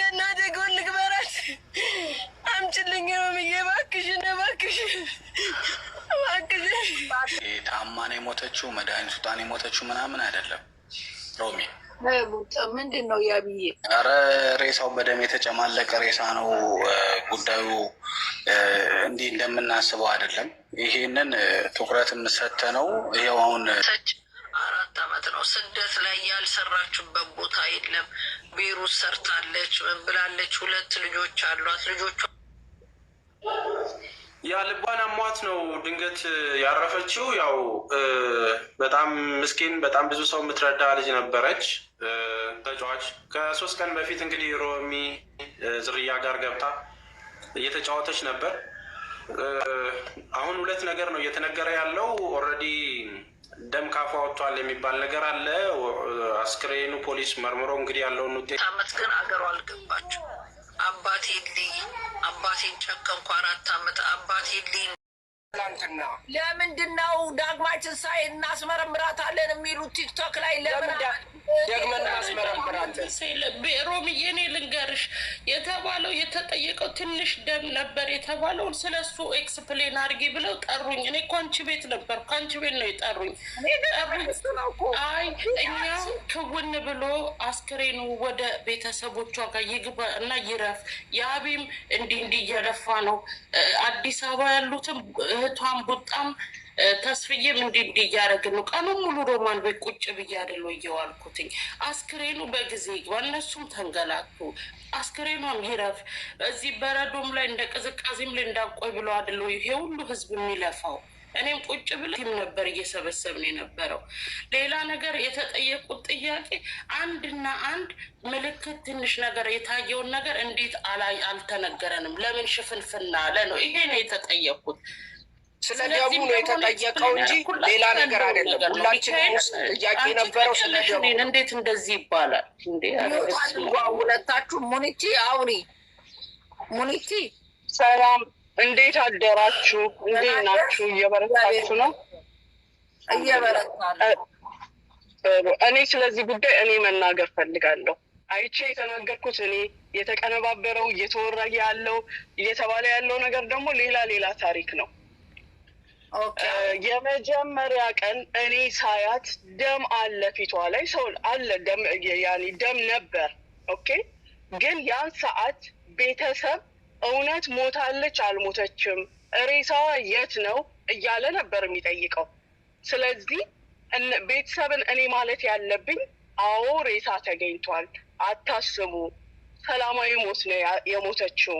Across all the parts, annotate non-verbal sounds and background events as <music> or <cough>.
ገና ሮምዬ እባክሽን እባክሽን እባክሽን። ታማ ነው የሞተችው፣ መድኃኒት ውጣ ነው የሞተችው ምናምን አይደለም ሮሚ ምንድን ነው ያብዬ? ኧረ ሬሳው በደም የተጨማለቀ ሬሳ ነው። ጉዳዩ እንዲህ እንደምናስበው አይደለም። ይሄንን ትኩረት የምሰተ ነው። ይኸው አሁን ሰባት ዓመት ነው ስደት ላይ ያልሰራችበት ቦታ የለም። ቤሩት ሰርታለች፣ ምን ብላለች። ሁለት ልጆች አሏት። ልጆቿ ያ ልቧን አሟት ነው ድንገት ያረፈችው። ያው በጣም ምስኪን፣ በጣም ብዙ ሰው የምትረዳ ልጅ ነበረች ተጫዋች። ከሶስት ቀን በፊት እንግዲህ ሮሚ ዝርያ ጋር ገብታ እየተጫወተች ነበር። አሁን ሁለት ነገር ነው እየተነገረ ያለው ኦልሬዲ ደም ካፏ የሚባል ነገር አለ። አስክሬኑ ፖሊስ መርምሮ እንግዲህ ያለውን ውጤት አመት ግን አገሩ አልገባቸው አባቴ ልይ አባቴን ጨከንኩ አራት አመት አባቴ ልይ ትናንትና ለምንድን ነው ዳግማችን ሳይ እናስመረምራታለን የሚሉት ቲክቶክ ላይ ለምን ደግመን እናስመረምራለን። ሮምዬ እኔ ልንገርሽ የተባለው የተጠየቀው ትንሽ ደም ነበር የተባለውን ስለ እሱ ኤክስፕሌን አድርጊ ብለው ጠሩኝ። እኔ እኮ አንቺ ቤት ነበር፣ ከአንቺ ቤት ነው የጠሩኝ። አይ እኛ ክውን ብሎ አስክሬኑ ወደ ቤተሰቦቿ ጋር ይግባ እና ይረፍ። የአቢም እንዲህ እንዲህ እየለፋ ነው አዲስ አበባ ያሉትም እህቷን ቡጣም ተስፍዬም እንዲህ እንዲህ እያደረግን ነው። ቀኑ ሙሉ ሮማን ቤት ቁጭ ብዬ አይደል እየዋልኩትኝ። አስክሬኑ በጊዜ ይግባል። እነሱም ተንገላቱ። አስክሬኗም ይረፍ። እዚህ በረዶም ላይ እንደ ቅዝቃዜም ላይ እንዳቆይ ብለው አይደል ይሄ ሁሉ ህዝብ የሚለፋው። እኔም ቁጭ ብለህም ነበር እየሰበሰብን የነበረው። ሌላ ነገር የተጠየቁት ጥያቄ አንድና አንድ ምልክት ትንሽ ነገር የታየውን ነገር እንዴት አላይ አልተነገረንም? ለምን ሽፍንፍና አለ ነው። ይሄ ነው የተጠየቁት። ስለ ደቡ ነው የተጠየቀው እንጂ ሌላ ነገር አይደለም። ሁላችንም ውስጥ ጥያቄ ነበረው ስለ ደቡ። እንዴት እንደዚህ ይባላል? ሁለታችሁ ሙኒቲ አውሪ። ሙኒቲ ሰላም፣ እንዴት አደራችሁ? እንዴት ናችሁ? እየበረታችሁ ነው? እየበረታ እኔ ስለዚህ ጉዳይ እኔ መናገር ፈልጋለሁ። አይቼ የተናገርኩት እኔ የተቀነባበረው እየተወራ ያለው እየተባለ ያለው ነገር ደግሞ ሌላ ሌላ ታሪክ ነው። የመጀመሪያ ቀን እኔ ሳያት ደም አለ ፊቷ ላይ ሰው አለ ደም ነበር። ኦኬ ግን ያን ሰዓት ቤተሰብ እውነት ሞታለች አልሞተችም፣ ሬሳዋ የት ነው እያለ ነበር የሚጠይቀው። ስለዚህ ቤተሰብን እኔ ማለት ያለብኝ አዎ ሬሳ ተገኝቷል፣ አታስቡ፣ ሰላማዊ ሞት ነው የሞተችው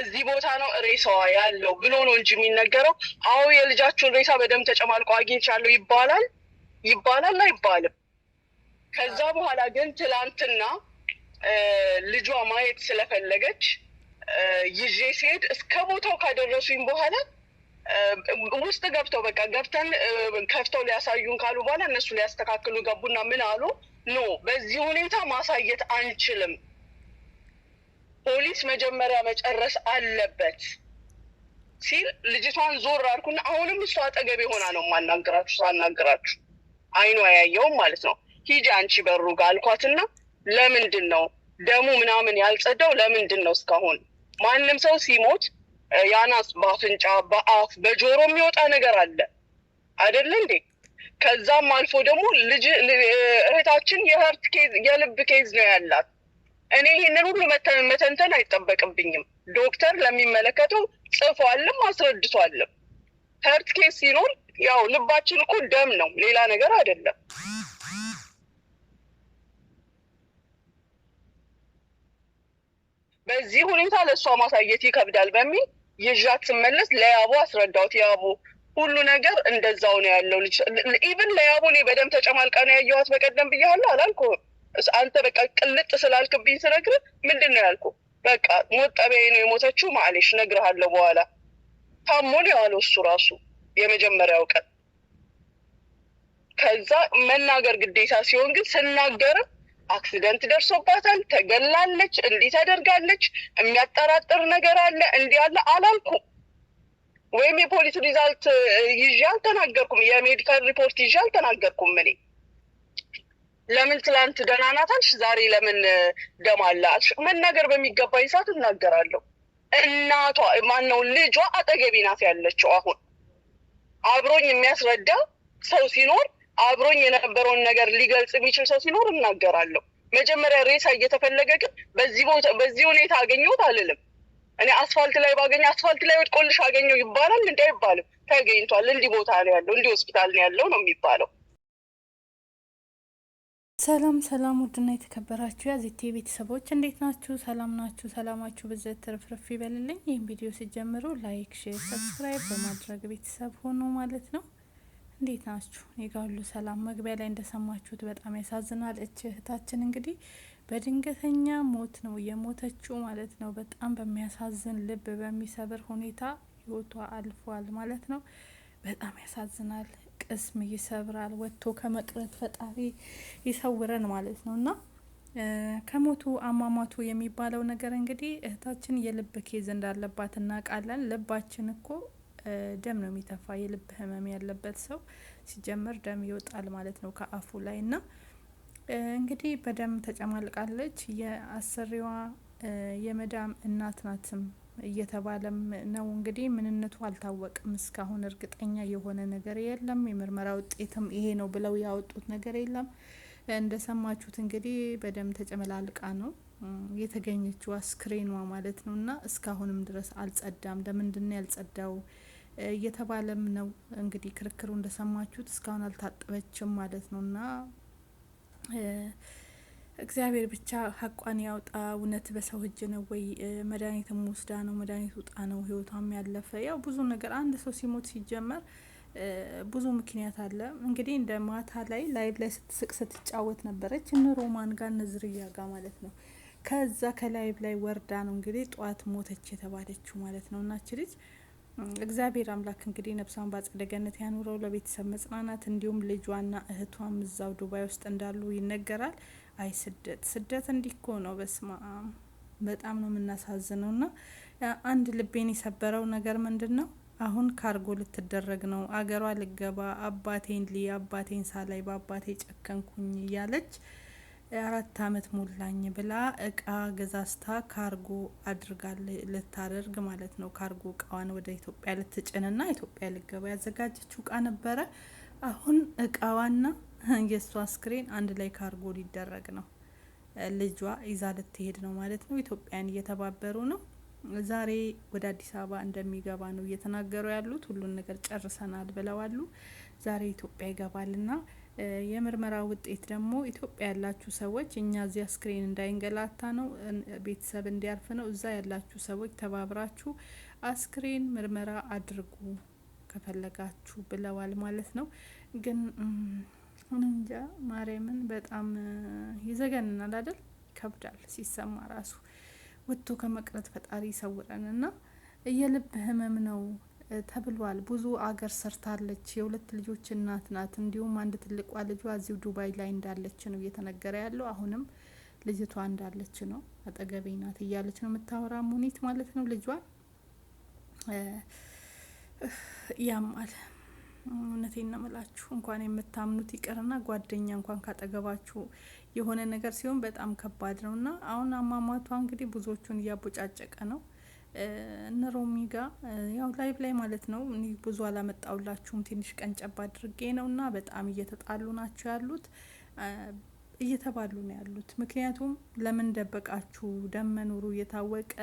እዚህ ቦታ ነው ሬሳዋ ያለው ብሎ ነው እንጂ የሚነገረው። አዎ የልጃችሁን ሬሳ በደም ተጨማልቆ አግኝቻለሁ ይባላል ይባላል አይባልም። ከዛ በኋላ ግን ትላንትና ልጇ ማየት ስለፈለገች ይዤ ሲሄድ እስከ ቦታው ካደረሱኝ በኋላ ውስጥ ገብተው በቃ ገብተን ከፍተው ሊያሳዩን ካሉ በኋላ እነሱ ሊያስተካክሉ ገቡና ምን አሉ? ኖ በዚህ ሁኔታ ማሳየት አንችልም ፖሊስ መጀመሪያ መጨረስ አለበት ሲል ልጅቷን ዞር አልኩና አሁንም እሱ አጠገብ የሆና ነው ማናገራችሁ ሳናገራችሁ አይኗ ያየውም ማለት ነው። ሂጂ አንቺ በሩ ጋር አልኳትና ለምንድን ነው ደሙ ምናምን ያልጸደው ለምንድን ነው እስካሁን ማንም ሰው ሲሞት ያናስ በአፍንጫ በአፍ በጆሮ የሚወጣ ነገር አለ አይደለ እንዴ? ከዛም አልፎ ደግሞ ልጅ እህታችን የሀርት ኬዝ የልብ ኬዝ ነው ያላት እኔ ይህንን ሁሉ መተንተን አይጠበቅብኝም። ዶክተር ለሚመለከተው ጽፏልም አስረድቷልም። ሄርት ኬስ ሲኖር ያው ልባችን እኮ ደም ነው፣ ሌላ ነገር አይደለም። በዚህ ሁኔታ ለእሷ ማሳየት ይከብዳል በሚል ይዣት ስመለስ ለያቦ አስረዳሁት። ያቦ ሁሉ ነገር እንደዛው ነው ያለው ልጅ ኢቭን ለያቦ እኔ በደም ተጨማልቃ ነው ያየኋት በቀደም ብያለሁ አላልኩም አንተ በቃ ቅልጥ ስላልክብኝ ስነግር ምንድን ነው በቃ ሞጠቢያ ነው የሞተችው። ማሌሽ ነግርሃለሁ በኋላ ታሞን ነው እሱ ራሱ የመጀመሪያው ቀን። ከዛ መናገር ግዴታ ሲሆን ግን ስናገርም አክሲደንት ደርሶባታል፣ ተገላለች፣ እንዲህ ተደርጋለች፣ የሚያጠራጥር ነገር አለ፣ እንዲህ አለ አላልኩም። ወይም የፖሊስ ሪዛልት ይዤ አልተናገርኩም፣ የሜዲካል ሪፖርት ይዤ አልተናገርኩም እኔ ለምን ትላንት ደህና ናት አልሽ፣ ዛሬ ለምን ደም አለ አልሽ? መናገር በሚገባኝ ሰዓት እናገራለሁ። እናቷ ማነው ልጇ አጠገቤ ናት ያለችው። አሁን አብሮኝ የሚያስረዳ ሰው ሲኖር፣ አብሮኝ የነበረውን ነገር ሊገልጽ የሚችል ሰው ሲኖር እናገራለሁ። መጀመሪያ ሬሳ እየተፈለገ ግን በዚህ ቦታ በዚህ ሁኔታ አገኘሁት አልልም። እኔ አስፋልት ላይ ባገኘ አስፋልት ላይ ወድቆልሽ አገኘው ይባላል እንዲ አይባልም። ተገኝቷል፣ እንዲህ ቦታ ነው ያለው፣ እንዲህ ሆስፒታል ነው ያለው ነው የሚባለው። ሰላም ሰላም ውድና የተከበራችሁ ያዜቴ ቤተሰቦች እንዴት ናችሁ? ሰላም ናችሁ? ሰላማችሁ ብዘት ትርፍርፍ ይበልልኝ። ይህን ቪዲዮ ሲጀምሩ ላይክ፣ ሼር፣ ሰብስክራይብ በማድረግ ቤተሰብ ሆኖ ማለት ነው። እንዴት ናችሁ? እኔ ጋ ሁሉ ሰላም። መግቢያ ላይ እንደሰማችሁት በጣም ያሳዝናል። እች እህታችን እንግዲህ በድንገተኛ ሞት ነው የሞተችው ማለት ነው። በጣም በሚያሳዝን ልብ በሚሰብር ሁኔታ ህይወቷ አልፏል ማለት ነው። በጣም ያሳዝናል። ቅስም ይሰብራል። ወጥቶ ከመቅረት ፈጣሪ ይሰውረን ማለት ነው እና ከሞቱ አሟሟቱ የሚባለው ነገር እንግዲህ እህታችን የልብ ኬዝ እንዳለባት እናውቃለን። ልባችን እኮ ደም ነው የሚተፋ። የልብ ህመም ያለበት ሰው ሲጀምር ደም ይወጣል ማለት ነው ከአፉ ላይ እና እንግዲህ በደም ተጨማልቃለች። የአሰሪዋ የመዳም እናት ናትም እየተባለም ነው። እንግዲህ ምንነቱ አልታወቅም። እስካሁን እርግጠኛ የሆነ ነገር የለም። የምርመራ ውጤትም ይሄ ነው ብለው ያወጡት ነገር የለም። እንደሰማችሁት እንግዲህ በደም ተጨመላልቃ ነው የተገኘችው አስክሬኗ ማለት ነው። እና እስካሁንም ድረስ አልጸዳም። ለምንድን ያልጸዳው እየተባለም ነው እንግዲህ ክርክሩ እንደሰማችሁት እስካሁን አልታጠበችም ማለት ነው እና እግዚአብሔር ብቻ ሀቋን ያውጣ። እውነት በሰው እጅ ነው ወይ? መድኃኒትም ወስዳ ነው መድኃኒት ውጣ ነው ህይወቷም ያለፈ። ያው ብዙ ነገር አንድ ሰው ሲሞት ሲጀመር ብዙ ምክንያት አለ። እንግዲህ እንደ ማታ ላይ ላይቭ ላይ ስትስቅ ስትጫወት ነበረች እነ ሮማን ጋር እነ ዝርያ ጋር ማለት ነው። ከዛ ከላይቭ ላይ ወርዳ ነው እንግዲህ ጠዋት ሞተች የተባለችው ማለት ነው። እናች ልጅ እግዚአብሔር አምላክ እንግዲህ ነፍሷን በአጸደ ገነት ያኑረው፣ ለቤተሰብ መጽናናት እንዲሁም ልጇና እህቷም እዛው ዱባይ ውስጥ እንዳሉ ይነገራል። አይ ስደት ስደት እንዲኮ ነው። በስማ በጣም ነው የምናሳዝነው። ና አንድ ልቤን የሰበረው ነገር ምንድን ነው? አሁን ካርጎ ልትደረግ ነው፣ አገሯ ልገባ፣ አባቴን ሊ አባቴን ሳላይ በአባቴ ጨከንኩኝ እያለች አራት አመት ሞላኝ ብላ እቃ ገዛዝታ ካርጎ አድርጋ ልታደርግ ማለት ነው። ካርጎ እቃዋን ወደ ኢትዮጵያ ልትጭንና ኢትዮጵያ ልገባ ያዘጋጀችው እቃ ነበረ። አሁን እቃዋና <laughs> የእሷ አስክሬን አንድ ላይ ካርጎ ሊደረግ ነው። ልጇ ይዛ ልትሄድ ነው ማለት ነው። ኢትዮጵያን እየተባበሩ ነው። ዛሬ ወደ አዲስ አበባ እንደሚገባ ነው እየተናገሩ ያሉት። ሁሉን ነገር ጨርሰናል ብለዋሉ። ዛሬ ኢትዮጵያ ይገባልና የምርመራ ውጤት ደግሞ ኢትዮጵያ ያላችሁ ሰዎች እኛ እዚያ አስክሬን እንዳይንገላታ ነው፣ ቤተሰብ እንዲያርፍ ነው። እዛ ያላችሁ ሰዎች ተባብራችሁ አስክሬን ምርመራ አድርጉ ከፈለጋችሁ ብለዋል ማለት ነው ግን እንጃ ማርያምን በጣም ይዘገንናል አይደል? ይከብዳል ሲሰማ ራሱ ወጥቶ ከመቅረት ፈጣሪ ይሰውረን እና የልብ ህመም ነው ተብሏል። ብዙ አገር ሰርታለች። የሁለት ልጆች እናት ናት። እንዲሁም አንድ ትልቋ ልጇ እዚሁ ዱባይ ላይ እንዳለች ነው እየተነገረ ያለው። አሁንም ልጅቷ እንዳለች ነው፣ አጠገቤ ናት እያለች ነው የምታወራ ሙኒት ማለት ነው ልጇ ያማል። እውነቴን ነው የምላችሁ። እንኳን የምታምኑት ይቅርና ጓደኛ እንኳን ካጠገባችሁ የሆነ ነገር ሲሆን በጣም ከባድ ነው እና አሁን አሟሟቷ እንግዲህ ብዙዎቹን እያቦጫጨቀ ነው። እነ ሮሚ ጋ ያው ላይቭ ላይ ማለት ነው ብዙ አላመጣውላችሁም ትንሽ ቀን ጨባ አድርጌ ነው እና በጣም እየተጣሉ ናቸው ያሉት እየተባሉ ነው ያሉት። ምክንያቱም ለምን ደበቃችሁ? ደም መኖሩ እየታወቀ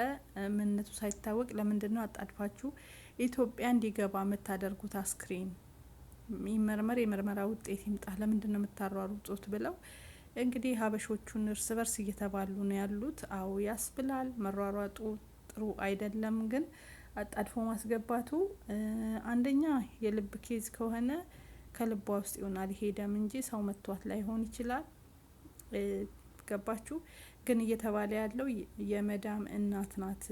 ምንነቱ ሳይታወቅ ለምንድን ነው አጣድፋችሁ ኢትዮጵያ እንዲገባ የምታደርጉት አስክሬን? ይመርመር፣ የምርመራ ውጤት ይምጣ፣ ለምንድን ነው የምታሯሩጡት ብለው እንግዲህ ሀበሾቹን እርስ በርስ እየተባሉ ነው ያሉት። አዎ ያስብላል፣ መሯሯጡ ጥሩ አይደለም። ግን አጣድፎ ማስገባቱ አንደኛ የልብ ኬዝ ከሆነ ከልቧ ውስጥ ይሆናል ሄደም እንጂ ሰው መጥቷት ላይሆን ይችላል። ገባችሁ? ግን እየተባለ ያለው የመዳም እናት ናት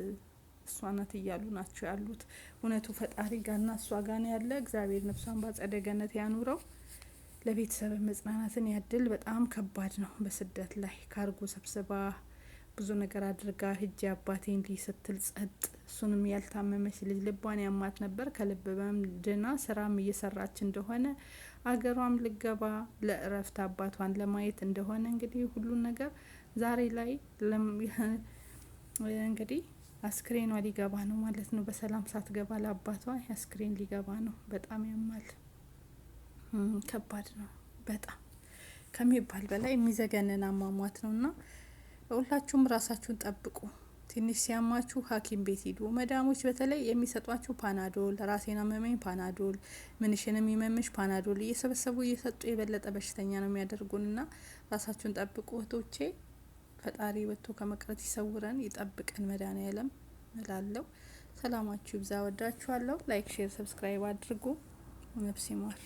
እሷ ናት እያሉ ናቸው ያሉት። እውነቱ ፈጣሪ ጋና እሷ ጋር ያለ እግዚአብሔር ነፍሷን ባጸደ ገነት ያኑረው። ለቤተሰብ መጽናናትን ያድል። በጣም ከባድ ነው። በስደት ላይ ካርጎ ሰብስባ ብዙ ነገር አድርጋ ህጅ አባቴ ልይ ስትል ጸጥ። እሱንም ያልታመመች ልጅ ልቧን ያማት ነበር። ከልብ ድና ስራም እየሰራች እንደሆነ አገሯም ልገባ ለእረፍት አባቷን ለማየት እንደሆነ እንግዲህ ሁሉን ነገር ዛሬ ላይ <laughs> እንግዲህ አስክሬኗ ሊገባ ነው ማለት ነው። በሰላም ሳትገባ ለአባቷ አስክሬን ሊገባ ነው። በጣም ያማል። ከባድ ነው በጣም ከሚባል በላይ የሚዘገንን አሟሟት ነው እና ሁላችሁም ራሳችሁን ጠብቁ። ትንሽ ሲያማችሁ ሐኪም ቤት ሂዱ። መዳሞች በተለይ የሚሰጧችሁ ፓናዶል፣ ራሴን አመመኝ ፓናዶል፣ ምንሽን የሚመምሽ ፓናዶል እየሰበሰቡ እየሰጡ የበለጠ በሽተኛ ነው የሚያደርጉን እና ራሳችሁን ጠብቁ እህቶቼ። ፈጣሪ ወጥቶ ከመቅረት ይሰውረን ይጠብቀን መድኃኔዓለም እላለሁ። ሰላማችሁ ይብዛ። ወዳችኋለሁ። ላይክ፣ ሼር፣ ሰብስክራይብ አድርጉ። ነፍስ ይማር።